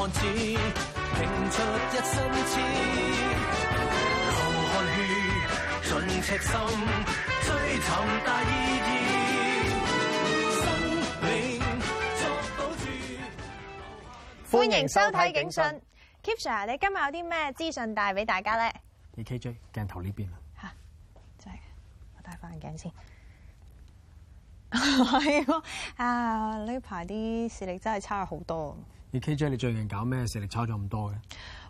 歡迎收睇《警訊》，K Sir，你今日有啲咩資訊帶俾大家咧？A KJ 鏡頭呢邊啊？吓，真係，我戴翻眼鏡先。係啊，呢排啲視力真係差好多。而 KJ 你最近搞咩視力差咗咁多嘅？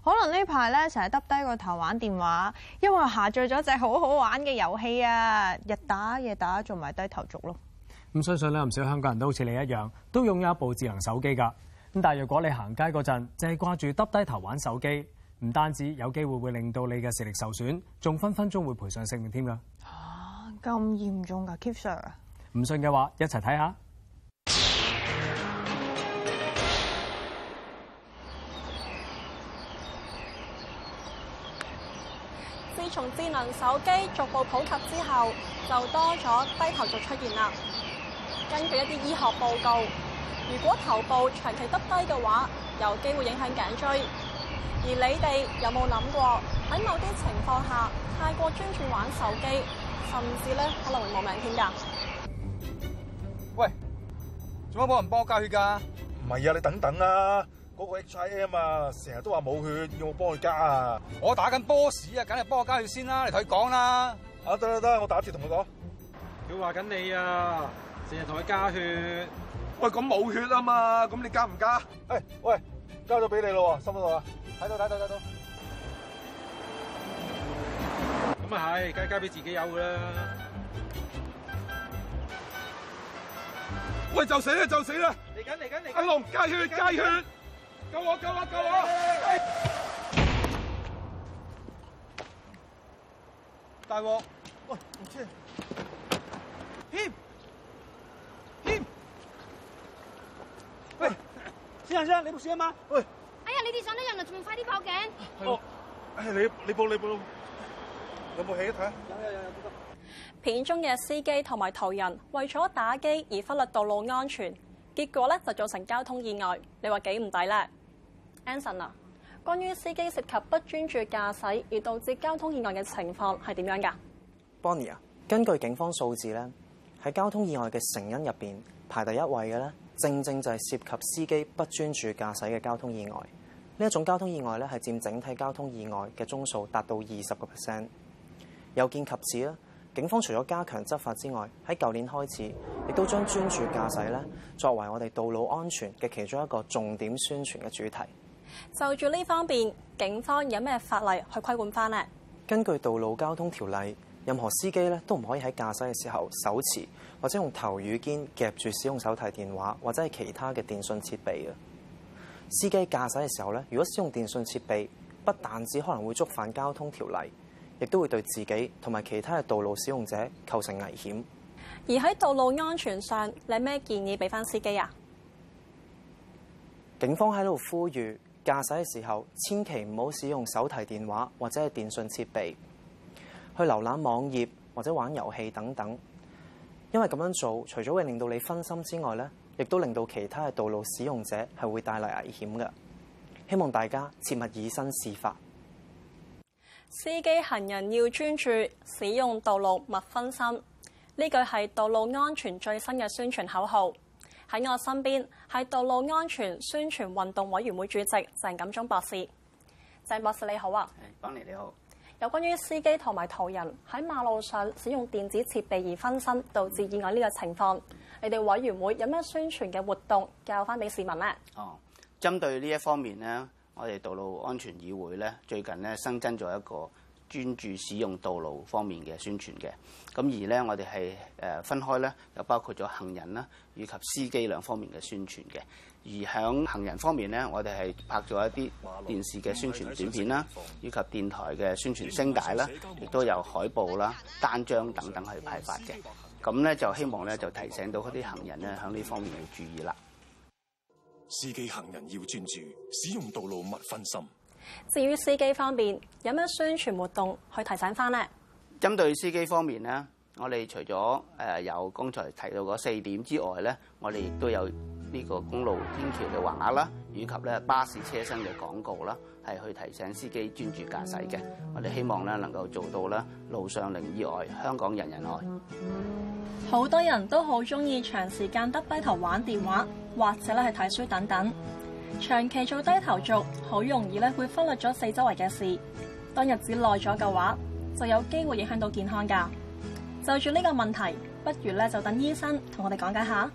可能呢排咧成日耷低個頭玩電話，因為下載咗隻好好玩嘅遊戲啊，日打夜打，做埋低頭族咯。咁相信咧唔少香港人都好似你一樣，都擁有一部智能手機噶。咁但係如果你行街嗰陣淨係掛住耷低頭玩手機，唔單止有機會會令到你嘅視力受損，仲分分鐘會賠上性命添㗎。啊，咁嚴重㗎，Keep Sir 啊！唔信嘅話，一齊睇下。智能手機逐步普及之後，就多咗低頭族出現啦。根據一啲醫學報告，如果頭部長期耷低嘅話，有機會影響頸椎。而你哋有冇諗過喺某啲情況下，太過專注玩手機，甚至咧可能會冇命添㗎？喂，做乜冇人幫我加血㗎？唔係啊，你等等啊！嗰個 H I M 啊，成日都話冇血，要我幫佢加啊！我打緊波士啊，梗係幫我加血先啦，你同佢講啦。啊，得啦得啦，我打字同佢講。佢話緊你啊，成日同佢加血。喂，咁冇血啊嘛，咁你加唔加？誒喂，加咗俾你咯，收嗰度啊。睇到，睇到，睇到。咁啊係，梗係加俾自己有噶啦。喂，就死啦就死啦！嚟緊嚟緊嚟緊，阿龍加血加血。救我！救我！救我！大鑊喂，唔知、欸，添添，喂、欸，欸、先生，你唔識啊嘛？喂、欸，哎呀，你哋上得人啊，仲快啲報警！係、欸，你你報你報，你報，有部戲睇下，有有有有。有有有有片中嘅司機同埋途人為咗打機而忽略道路安全，結果咧就造成交通意外，你話幾唔抵咧？謹慎，關於司機涉及不專注駕駛而導致交通意外嘅情況係點樣噶？Bonnie 根據警方數字咧，喺交通意外嘅成因入邊排第一位嘅咧，正正就係涉及司機不專注駕駛嘅交通意外呢一種交通意外咧，係佔整體交通意外嘅宗數達到二十個 percent。有見及此啦，警方除咗加強執法之外，喺舊年開始亦都將專注駕駛咧作為我哋道路安全嘅其中一個重點宣傳嘅主題。就住呢方面，警方有咩法例去規管翻呢？根據道路交通條例，任何司機咧都唔可以喺駕駛嘅時候手持或者用頭與肩夾住使用手提電話或者係其他嘅電信設備啊。司機駕駛嘅時候咧，如果使用電信設備，不但只可能會觸犯交通條例，亦都會對自己同埋其他嘅道路使用者構成危險。而喺道路安全上，你有咩建議俾翻司機啊？警方喺度呼籲。駕駛嘅時候，千祈唔好使用手提電話或者係電信設備去瀏覽網頁或者玩遊戲等等，因為咁樣做，除咗會令到你分心之外呢，亦都令到其他嘅道路使用者係會帶嚟危險嘅。希望大家切勿以身試法。司機行人要專注，使用道路勿分心。呢句係道路安全最新嘅宣傳口號。喺我身邊係道路安全宣傳運動委員會主席鄭錦中博士，鄭博士，你好啊，Benny 你好。Hey, Benny，你好，有關於司機同埋途人喺馬路上使用電子設備而分心導致意外呢個情況，你哋委員會有咩宣傳嘅活動教翻俾市民咧？哦，針對呢一方面呢，我哋道路安全議會咧最近咧新增咗一個。專注使用道路方面嘅宣傳嘅，咁而呢，我哋係誒分開呢，又包括咗行人啦，以及司機兩方面嘅宣傳嘅。而喺行人方面呢，我哋係拍咗一啲電視嘅宣傳短片啦，以及電台嘅宣傳聲帶啦，亦都有海報啦、單張等等去派發嘅。咁呢，就希望呢，就提醒到嗰啲行人呢，喺呢方面要注意啦。司機行人要專注，使用道路勿分心。至於司機方面，有咩宣傳活動去提醒返呢？針對司機方面呢，我哋除咗有剛才提到嗰四點之外呢，我哋亦都有呢個公路天橋嘅橫額啦，以及咧巴士車身嘅廣告啦，係去提醒司機專注駕駛嘅。我哋希望咧能夠做到咧路上零意外，香港人人愛。好多人都好中意長時間得低頭玩電話，或者咧係睇書等等。長期做低頭族，好容易咧會忽略咗四周圍嘅事。當日子耐咗嘅話，就有機會影響到健康噶。就住呢個問題，不如咧就等醫生同我哋講解下。誒、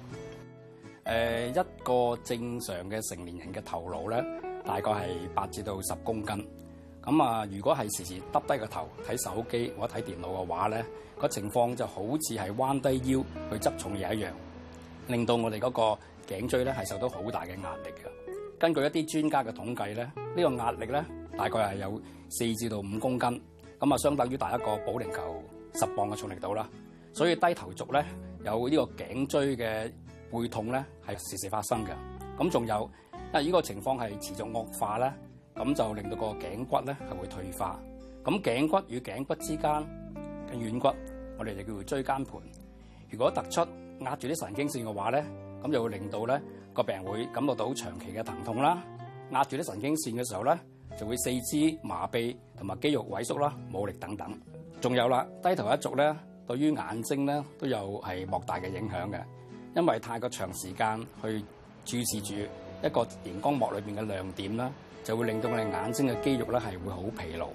呃，一個正常嘅成年人嘅頭腦咧，大概係八至到十公斤。咁啊，如果係時時耷低個頭睇手機或者睇電腦嘅話咧，個情況就好似係彎低腰去執重嘢一樣，令到我哋嗰個頸椎咧係受到好大嘅壓力嘅。根據一啲專家嘅統計咧，呢個壓力咧，大概係有四至到五公斤，咁啊，相當於大一個保齡球十磅嘅重力度啦。所以低頭族咧有呢個頸椎嘅背痛咧係時時發生嘅。咁仲有啊，呢個情況係持續惡化咧，咁就令到個頸骨咧係會退化。咁頸骨與頸骨之間嘅軟骨，我哋就叫做椎間盤。如果突出壓住啲神經線嘅話咧，咁就會令到咧。個病人會感覺到長期嘅疼痛啦，壓住啲神經線嘅時候咧，就會四肢麻痹同埋肌肉萎縮啦、冇力等等。仲有啦，低頭一族咧，對於眼睛咧都有係莫大嘅影響嘅，因為太過長時間去注視住一個熒光幕裏邊嘅亮點啦，就會令到我哋眼睛嘅肌肉咧係會好疲勞。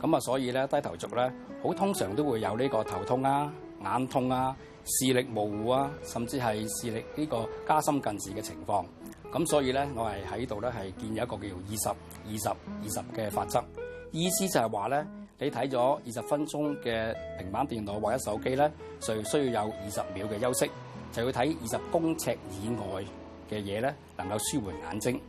咁啊，所以咧低頭族咧好通常都會有呢個頭痛啦。眼痛啊，視力模糊啊，甚至係視力呢個加深近視嘅情況。咁所以咧，我係喺度咧係建議一個叫做二十、二十、二十嘅法則。意思就係話咧，你睇咗二十分鐘嘅平板電腦或者手機咧，就需要有二十秒嘅休息，就要睇二十公尺以外嘅嘢咧，能夠舒緩眼睛。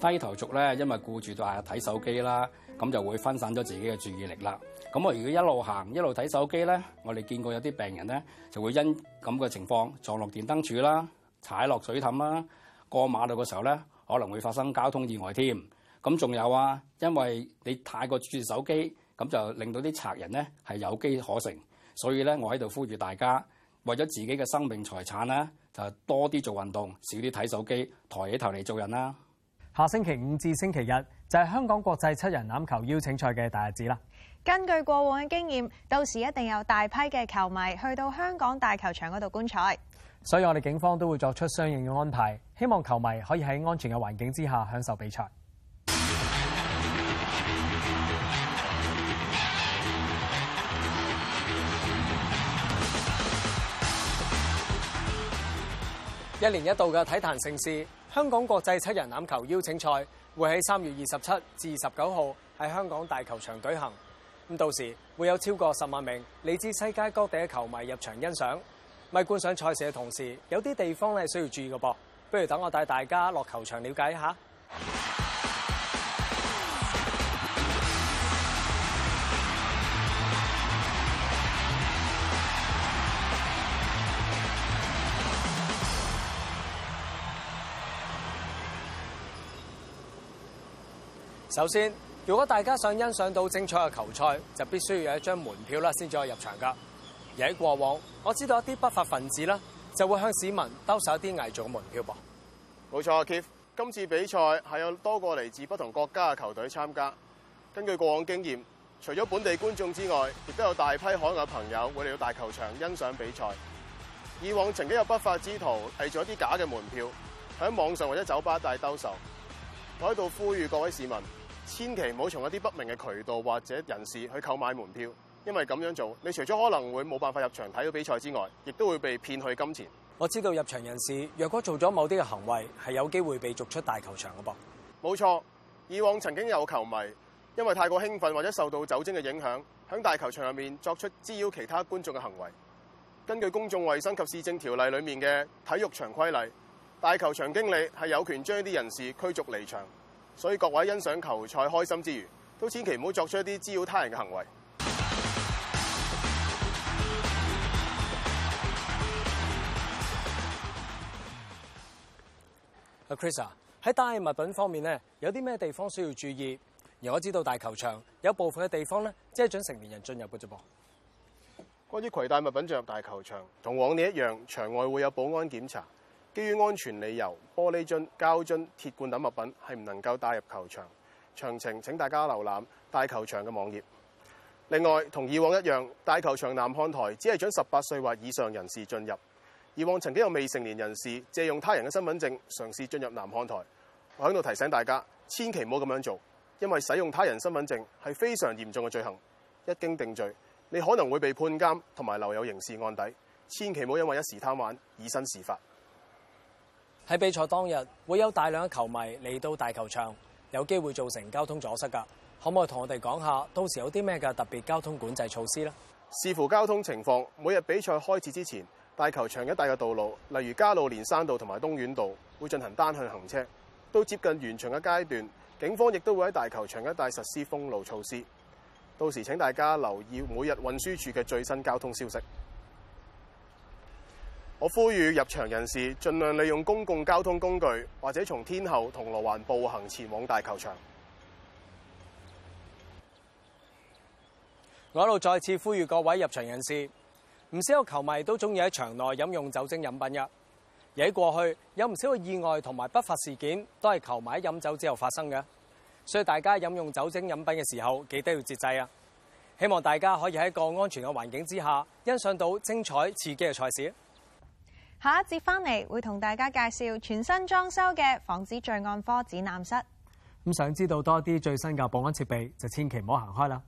低頭族咧，因為顧住日日睇手機啦，咁就會分散咗自己嘅注意力啦。咁我如果一路行一路睇手機咧，我哋見過有啲病人咧，就會因咁嘅情況撞落電燈柱啦、踩落水氹啦、過馬路嘅時候咧，可能會發生交通意外添。咁仲有啊，因為你太過注意手機，咁就令到啲賊人咧係有機可乘。所以咧，我喺度呼籲大家，為咗自己嘅生命財產啦，就多啲做運動，少啲睇手機，抬起頭嚟做人啦。下星期五至星期日就係香港國際七人欖球邀請賽嘅大日子啦。根據過往嘅經驗，到時一定有大批嘅球迷去到香港大球場嗰度觀賽，所以我哋警方都會作出相應嘅安排，希望球迷可以喺安全嘅環境之下享受比賽。一年一度嘅體壇盛事。香港國際七人欖球邀請賽會喺三月二十七至二十九號喺香港大球場舉行，咁到時會有超過十萬名嚟自世界各地嘅球迷入場欣賞。咪觀賞賽事嘅同時，有啲地方咧需要注意嘅噃，不如等我帶大家落球場了解一下。首先，如果大家想欣賞到精彩嘅球賽，就必須要有一張門票啦，先至可以入場噶。而喺過往，我知道一啲不法分子啦，就會向市民兜售一啲偽造嘅門票噃。冇錯，Keith，今次比賽係有多個嚟自不同國家嘅球隊參加。根據過往經驗，除咗本地觀眾之外，亦都有大批海外朋友會嚟到大球場欣賞比賽。以往曾經有不法之徒偽造一啲假嘅門票，喺網上或者酒吧大兜售。我喺度呼籲各位市民。千祈唔好從一啲不明嘅渠道或者人士去購買門票，因為咁樣做，你除咗可能會冇辦法入場睇到比賽之外，亦都會被騙去金錢。我知道入場人士若果做咗某啲嘅行為，係有機會被逐出大球場嘅噃。冇錯，以往曾經有球迷因為太過興奮或者受到酒精嘅影響，喺大球場入面作出滋擾其他觀眾嘅行為。根據公眾衛生及市政條例裏面嘅體育場規例，大球場經理係有權將一啲人士驅逐離場。所以各位欣賞球賽開心之餘，都千祈唔好作出一啲滋擾他人嘅行為。阿 Chris 啊，喺帶物品方面咧，有啲咩地方需要注意？而我知道大球場有部分嘅地方咧，只係准成年人進入嘅啫噃。關於攜帶物品進入大球場，同往年一樣，場外會有保安檢查。基於安全理由，玻璃樽、膠樽、鐵罐等物品係唔能夠帶入球場。詳情請大家瀏覽大球場嘅網頁。另外，同以往一樣，大球場南看台只係准十八歲或以上人士進入。以往曾經有未成年人士借用他人嘅身份證嘗試進入南看台，我喺度提醒大家，千祈唔好咁樣做，因為使用他人身份證係非常嚴重嘅罪行，一經定罪，你可能會被判監同埋留有刑事案底。千祈唔好因為一時貪玩以身試法。喺比賽當日，會有大量嘅球迷嚟到大球場，有機會造成交通阻塞噶。可唔可以同我哋講下，到時有啲咩嘅特別交通管制措施呢？視乎交通情況，每日比賽開始之前，大球場一帶嘅道路，例如加路連山道同埋東苑道，會進行單向行車。到接近完場嘅階段，警方亦都會喺大球場一帶實施封路措施。到時請大家留意每日運輸署嘅最新交通消息。我呼籲入場人士盡量利用公共交通工具，或者從天后銅鑼灣步行前往大球場。我喺度再次呼籲各位入場人士，唔少球迷都中意喺場內飲用酒精飲品嘅。而喺過去，有唔少嘅意外同埋不法事件都係球迷喺飲酒之後發生嘅，所以大家飲用酒精飲品嘅時候，記得要節制啊！希望大家可以喺一個安全嘅環境之下，欣賞到精彩刺激嘅賽事。下一節翻嚟會同大家介紹全新裝修嘅防止罪案科展覽室。咁想知道多啲最新嘅保安設備，就千祈唔好行開啦！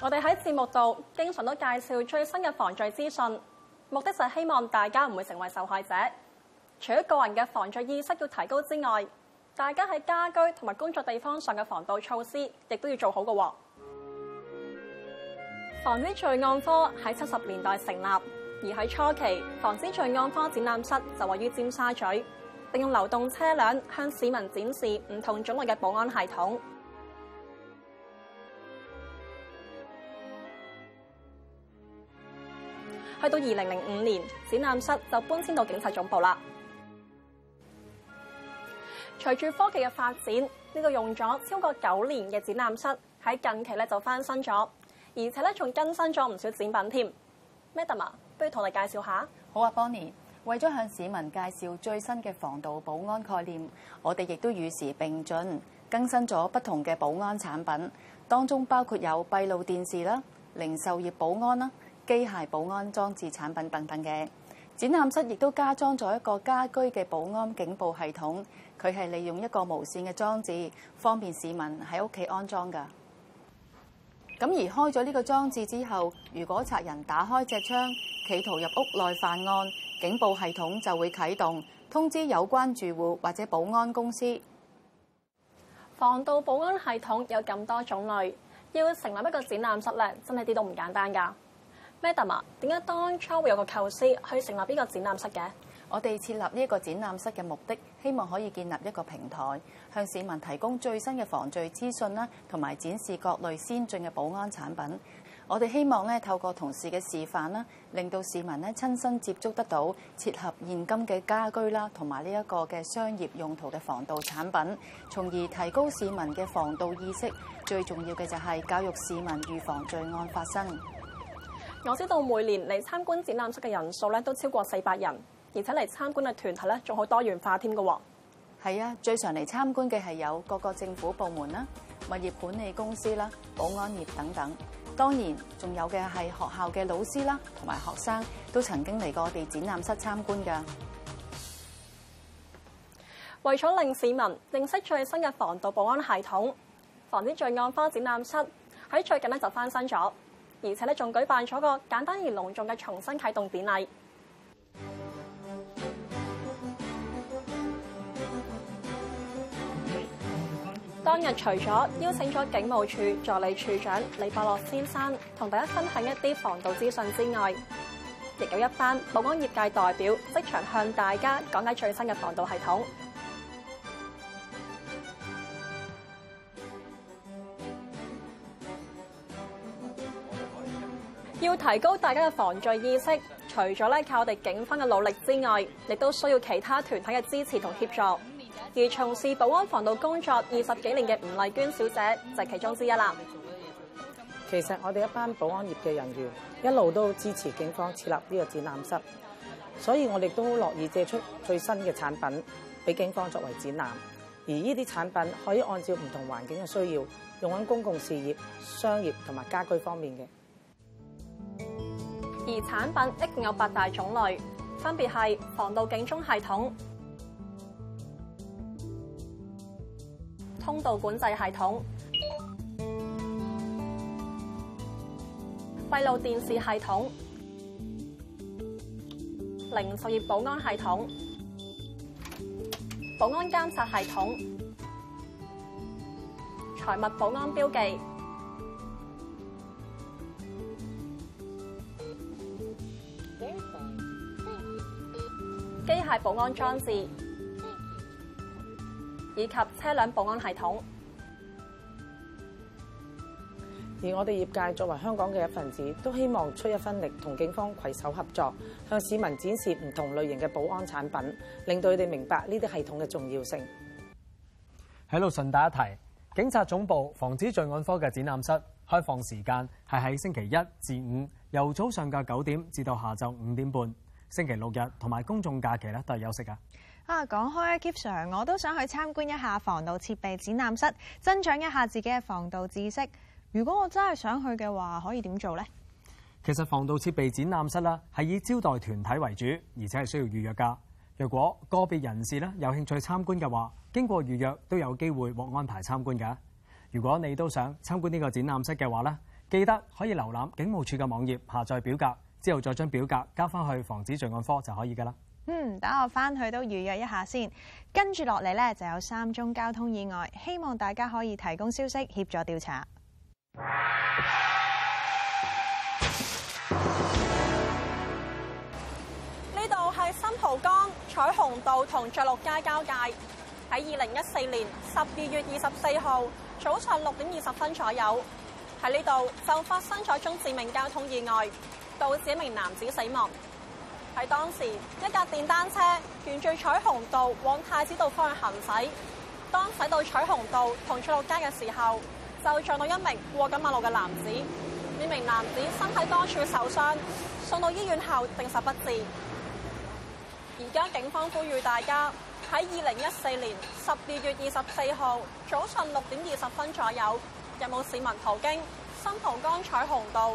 我哋喺節目度經常都介紹最新嘅防罪資訊，目的就係希望大家唔會成為受害者。除咗個人嘅防罪意識要提高之外，大家喺家居同埋工作地方上嘅防盜措施，亦都要做好個喎。防止罪案科喺七十年代成立，而喺初期，防止罪案科展覽室就位於尖沙咀，並用流動車輛向市民展示唔同種類嘅保安系統。去到二零零五年，展覽室就搬遷到警察總部啦。隨住科技嘅發展，呢個用咗超過九年嘅展覽室喺近期咧就翻新咗，而且咧仲更新咗唔少展品添。Madam，不如同你介紹下。好啊，Bonnie。為咗向市民介紹最新嘅防盜保安概念，我哋亦都與時並進，更新咗不同嘅保安產品，當中包括有閉路電視啦、零售業保安啦、機械保安裝置產品等等嘅。展覽室亦都加裝咗一個家居嘅保安警報系統，佢係利用一個無線嘅裝置，方便市民喺屋企安裝噶。咁而開咗呢個裝置之後，如果賊人打開隻窗企圖入屋內犯案，警報系統就會啟動，通知有關住戶或者保安公司。防盜保安系統有咁多種類，要成立一個展覽室咧，真係啲都唔簡單噶。Madam，點解當初會有個構思去成立呢個展覽室嘅？我哋設立呢一個展覽室嘅目的，希望可以建立一個平台，向市民提供最新嘅防罪資訊啦，同埋展示各類先進嘅保安產品。我哋希望咧透過同事嘅示範啦，令到市民咧親身接觸得到切合現今嘅家居啦，同埋呢一個嘅商業用途嘅防盜產品，從而提高市民嘅防盜意識，最重要嘅就係教育市民預防罪案發生。我知道每年嚟參觀展覽室嘅人數咧都超過四百人，而且嚟參觀嘅團體咧仲好多元化添嘅。係啊，最常嚟參觀嘅係有各個政府部門啦、物業管理公司啦、保安業等等。當然，仲有嘅係學校嘅老師啦同埋學生都曾經嚟過我哋展覽室參觀嘅。為咗令市民認識最新嘅防盜保安系統，防止罪案，方展覽室喺最近呢就翻新咗。而且咧，仲舉辦咗個簡單而隆重嘅重新啟動典禮。當日除咗邀請咗警務處助理處長李伯樂先生同大家分享一啲防盜資訊之外，亦有一班保安業界代表即場向大家講解最新嘅防盜系統。要提高大家嘅防罪意識，除咗咧靠我哋警方嘅努力之外，亦都需要其他團體嘅支持同協助。而從事保安防盜工作二十幾年嘅吳麗娟小姐就係其中之一啦。其實我哋一班保安業嘅人員一路都支持警方設立呢個展覽室，所以我哋都好樂意借出最新嘅產品俾警方作為展覽。而呢啲產品可以按照唔同環境嘅需要，用喺公共事業、商業同埋家居方面嘅。而產品一共有八大種類，分別係防盜警鐘系統、通道管制系統、閉路電視系統、零售業保安系統、保安監察系統、財物保安標記、機械保安裝置，以及車輛保安系統。而我哋業界作為香港嘅一份子，都希望出一分力，同警方攜手合作，向市民展示唔同類型嘅保安產品，令到佢哋明白呢啲系統嘅重要性。喺路順帶一提，警察總部防止罪案科嘅展覽室開放時間係喺星期一至五，由早上嘅九點至到下晝五點半。星期六日同埋公眾假期咧都係休息噶啊，講開啊，Keep Sir，我都想去參觀一下防盜設備展覽室，增長一下自己嘅防盜知識。如果我真係想去嘅話，可以點做呢？其實防盜設備展覽室啦，係以招待團體為主，而且係需要預約噶。若果個別人士咧有興趣參觀嘅話，經過預約都有機會獲安排參觀噶。如果你都想參觀呢個展覽室嘅話咧，記得可以瀏覽警務處嘅網頁，下載表格。之後再將表格交翻去，防止罪案科就可以㗎喇。嗯，等我翻去都預約一下先。跟住落嚟咧，就有三宗交通意外，希望大家可以提供消息協助調查。呢度係新蒲崗彩虹道同爵祿街交界。喺二零一四年十二月二十四號早上六點二十分左右，喺呢度就發生咗宗致命交通意外。導致一名男子死亡。喺當時，一架電單車沿住彩虹道往太子道方向行駛，當駛到彩虹道同翠綠街嘅時候，就撞到一名過緊馬路嘅男子。呢名男子身體多處受傷，送到醫院後證實不治。而家警方呼籲大家喺二零一四年十二月二十四號早上六點二十分左右，有冇市民途經新蒲崗彩虹道？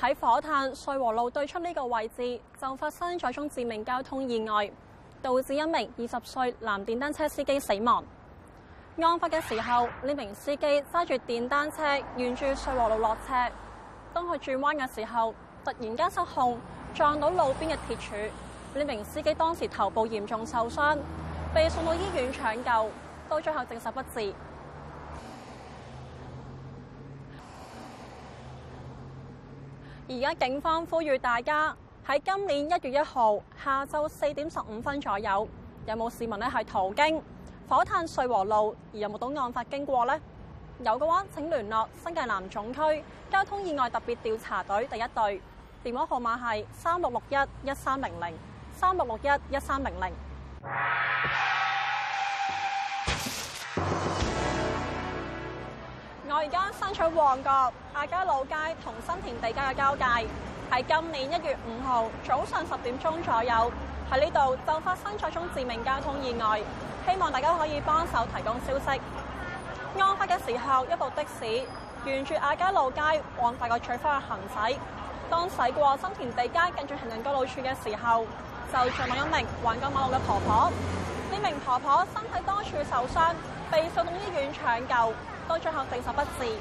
喺火炭瑞和路對出呢個位置就發生咗宗致命交通意外，導致一名二十歲男電單車司機死亡。案發嘅時候，呢名司機揸住電單車沿住瑞和路落斜，當佢轉彎嘅時候突然間失控，撞到路邊嘅鐵柱。呢名司機當時頭部嚴重受傷，被送到醫院搶救，到最後證實不治。而家警方呼籲大家喺今年一月一號下晝四點十五分左右，有冇市民呢係途經火炭瑞和路而有冇到案發經過呢？有嘅話，請聯絡新界南總區交通意外特別調查隊第一隊，電話號碼係三六六一一三零零三六六一一三零零。我而家身處旺角亞皆老街同新田地街嘅交界，喺今年一月五號早上十點鐘左右，喺呢度就發生咗宗致命交通意外。希望大家可以幫手提供消息。案發嘅時候，一部的士沿住亞皆老街往大角咀方向行駛，當駛過新田地街近住行人過路處嘅時候，就撞上一名橫過馬路嘅婆婆。呢名婆婆身體多處受傷，被送往醫院搶救。到最後證實不治。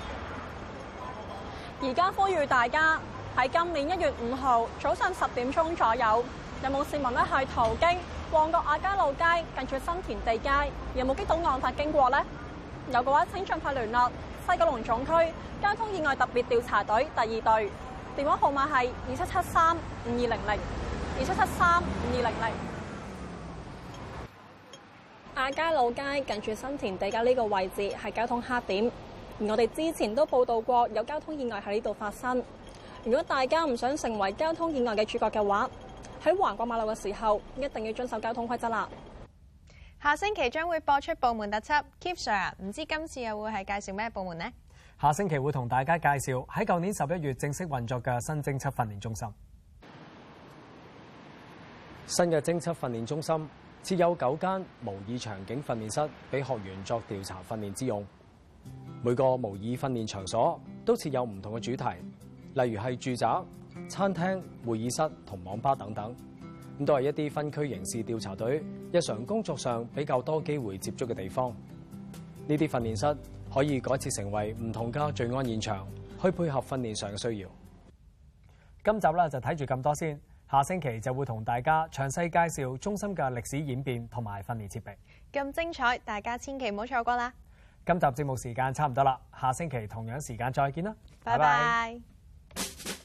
而家呼籲大家喺今年一月五號早上十點鐘左右，有冇市民呢係途經旺角亞皆老街近住新田地街，有冇見到案發經過呢？有嘅話請進聯絡，請盡快聯絡西九龍總區交通意外特別調查隊第二隊，電話號碼係二七七三五二零零二七七三五二零零。亞家老街近住新田地嘅呢個位置係交通黑點，而我哋之前都報道過有交通意外喺呢度發生。如果大家唔想成為交通意外嘅主角嘅話，喺橫過馬路嘅時候一定要遵守交通規則啦。下星期將會播出部門特輯，Keep a 唔知今次又會係介紹咩部門呢？下星期會同大家介紹喺舊年十一月正式運作嘅新政策訓練中心。新嘅政策訓練中心，設有九間模擬場景訓練室，俾學員作調查訓練之用。每個模擬訓練場所都設有唔同嘅主題，例如係住宅、餐廳、會議室同網吧等等。咁都係一啲分區刑事調查隊日常工作上比較多機會接觸嘅地方。呢啲訓練室可以改設成為唔同嘅罪案現場，去配合訓練上嘅需要。今集啦，就睇住咁多先。下星期就會同大家詳細介紹中心嘅歷史演變同埋訓練設備，咁精彩，大家千祈唔好錯過啦！今集節目時間差唔多啦，下星期同樣時間再見啦，拜拜 bye。Bye bye